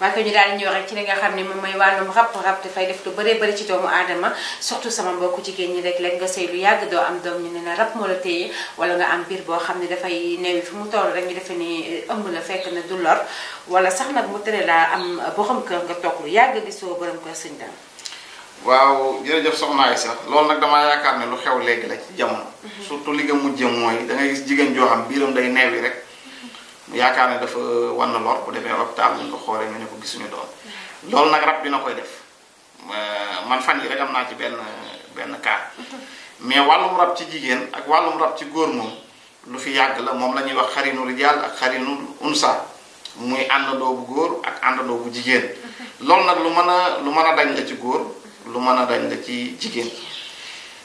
waaye ko ñu daal di ñëw ci li nga xam ne moom mooy wàllum rab rab dafay def lu bëree bëri ci doomu aadama surtout sama mbokku jigéen ñi rek léeg nga sëy lu yàgg doo am ñu ne la rab moo wala nga am biir boo xam ne dafay néew fi mu toll rek defe ni eh, ëmb la fekk na du wala sax nag mu tere laa am borom kër nga toog lu yàgg gisoo borom kër sëñ dam waaw jërëjëf soxnaay sax loolu nag damaa yaakaar ne lu xew léegi la jamono mhm. surtout li nga mujjee mooy da gis jigéen joo xam biiram day neewi rek yaakaar ne dafa wan na lor bu demee hôpital ñu ko xoolee nga ne ko gisuñu doom loolu nag rab dina koy def euh, man fan yi rek am naa ci benn benn cas mais wàllum rab ci jigéen ak wàllum rab ci góor moom lu fi yàgg la moom la ñuy wax xarinu rijal ak xarinu unsa muy àndandoo bu góor ak àndandoo bu jigéen loolu nag lu mën a lu mën a dañ la ci góor lu mën a dañ la ci jigéen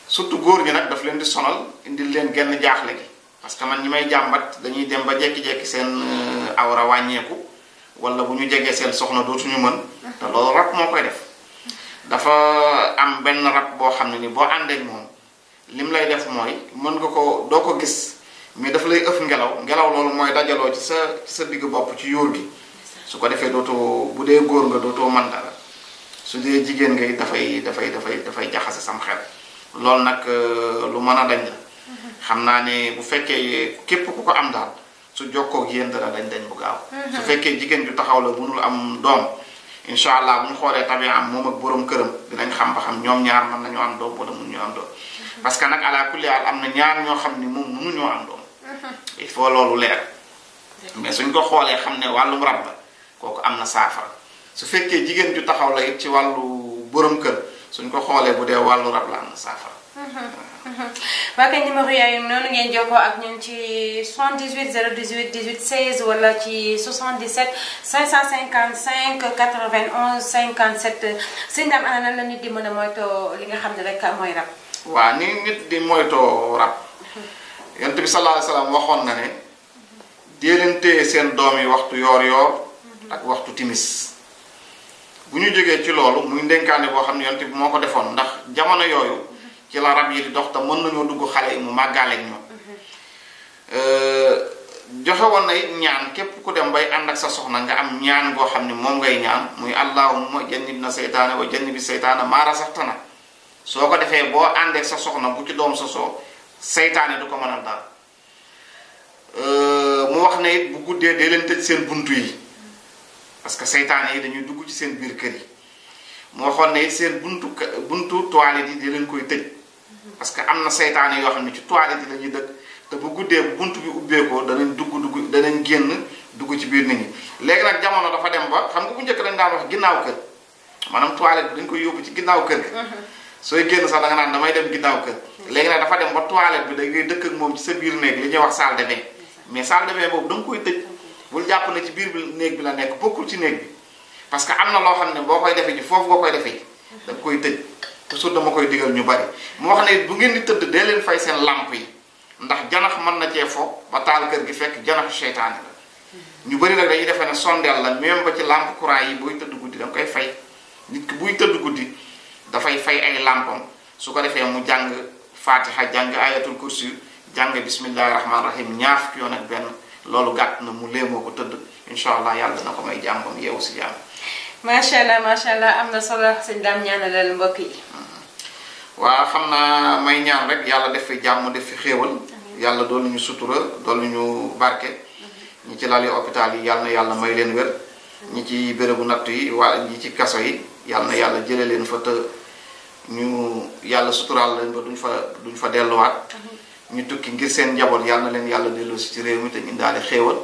surtout góor ñi nag daf leen di sonal indil leen genn jaaxle gi parce que man ñi may jambat dañuy dem ba jekki-jekki seen euh, awra wàññeeku wala bu ñu jegee seen soxna dootuñu mën te loolu rab moo koy def dafa am benn rab boo xam ne ni boo àndeeg moom lim lay def mooy mën nga ko doo ko gis mais daf lay ëf ngelaw ngelaw loolu mooy dajaloo ci sa ci sa digg bopp ci yóor gi su ko defee dootoo bu dee góor nga dootoo man dara su dee jigéen ngay dafay dafay dafay dafay jaxase sam xel loolu nag euh, lu mën a dañ la xamna ne bu fekke kep ku ko am dal su ak yeen dara dañ dañ bu gaaw mhm. su fekke jigen ju taxaw la bunul am dom inshallah bu xore tabi am mom ak borom këram dinañ xam ba xam ñom ñaar man nañu am doom bo mun ñu am doom mhm. parce que nak ala kulli al amna ñaar ño xamni mom mënu ñu am doom mhm. il faut lolu leer mais suñ ko xoolee xamne walu rab la kooku su fekke jigen ju taxaw la ci walu borom kër suñ ko bu walu rab la amna waa kay numéro yaayu noonu ya ngeen joko ak ñun ci 78 018 18 16 wala ci 77 555 91 57 sëñ Dame ana nan la nit di mën a moytoo li nga xam ne rek mooy rab. wa ni nit di moytoo rap yonte bi sallallahu alayhi wasallam waxoon na ne dee leen téye seen doom waxtu yor mhm. ak waxtu timis bu ñu jógee ci loolu muy ndenkaane boo xam ne bi moo ko defoon ndax jamono yooyu. ci la rab yi di dox te mën nañoo dugg xale yi mu màggaaleeg ñoom. Euh, joxe woon na it ñaan képp ku dem bay ànd ak sa soxna nga am ñaan goo xam ne moom ngay ñaan muy allahumma jannib na seytaane wa jannibi seytaane maara saxtana soo ko defee boo àndeek sa soxna bu ci doom sosoo seytaane du ko mën a daal euh, mu wax na it bu guddee dee leen tëj seen buntu yi parce que seytaane yi dañuy dugg ci seen biir kër yi mu waxoon na it seen buntu buntu toilette koy tëj parce que am na seytaane yoo xam ne ci toilette yi lañuy dëkk te bu guddee bunt bi ubbeekoo danañ dugg dugg danañ génn dugg ci biir nit ñi léegi nag jamono dafa dem ba xam nga bu njëkk dañ daan ginnaaw kër maanaam toilette bi dañ koy yóbbu ci ginnaaw kër gi mhm. sooy génn sax da naan damay dem ginnaaw kër léegi nag dafa dem ba toilette bi da ngay dëkk moom ci sa biir néeg li ñuy wax salle de mais salle demee boobu da koy tëj bul jàpp na ci biir bi néeg bi la nekk bokkul ci néeg bi parce que am na loo xam ne boo koy defee ji foofu nga koy defee ji koy tëj toujours dama koy digal ñu bari mu wax ne bu ngeen di tëdd dee leen fay sen lamp yi ndax janax mën na cee fo ba taal kër gi fekk janax seytaane la ñu bari nag dañuy defe ne sondeel la même ba ci lamp courant yi tëdd guddi da koy fay nit ki buy tëdd guddi dafay fay ay lampam su ko defee mu jàng fatiha jàng ayatul kursi jàng bismillahi rahman rahim ñaaf ki yoon ak benn loolu gàtt na mu léemoo ko tëdd insha allah yàlla dina ko may jàmbam yow si jàmm macha allah macha allah am na solo sëñ daam ñaanalal mbokk yi waa xam naa may ñaan rek yàlla def fi jàmm def fi xéewal yàlla dool nañu sutura dool nañu barke ñi ci lali hôpital yi yàlla na yàlla may leen wér ñi ci bérébu natt yi waa ñi ci kaso yi yàlla na yàlla jële leen fa te ñu yàlla suturaal leen ba duñ fa duñ fa delluwaat ñu tukki ngir seen njaboot yàlla na leen yàlla delloo si ci réew mi te ñu daale xéewal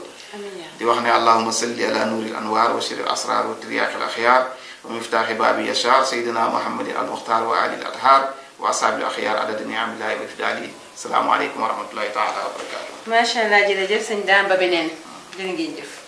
di wax ne allahuma salli ala nuuril anwaar wa siril asraar wa tiryaaqil axyaar wa miftaaxi baabi yashaar sayidina muhammadin al muxtaar wa alil adhaar واصحاب الاخيار عدد النعم الله وافداله السلام عليكم ورحمه الله تعالى وبركاته ما شاء الله جل جل سندان بابنين جنجي جف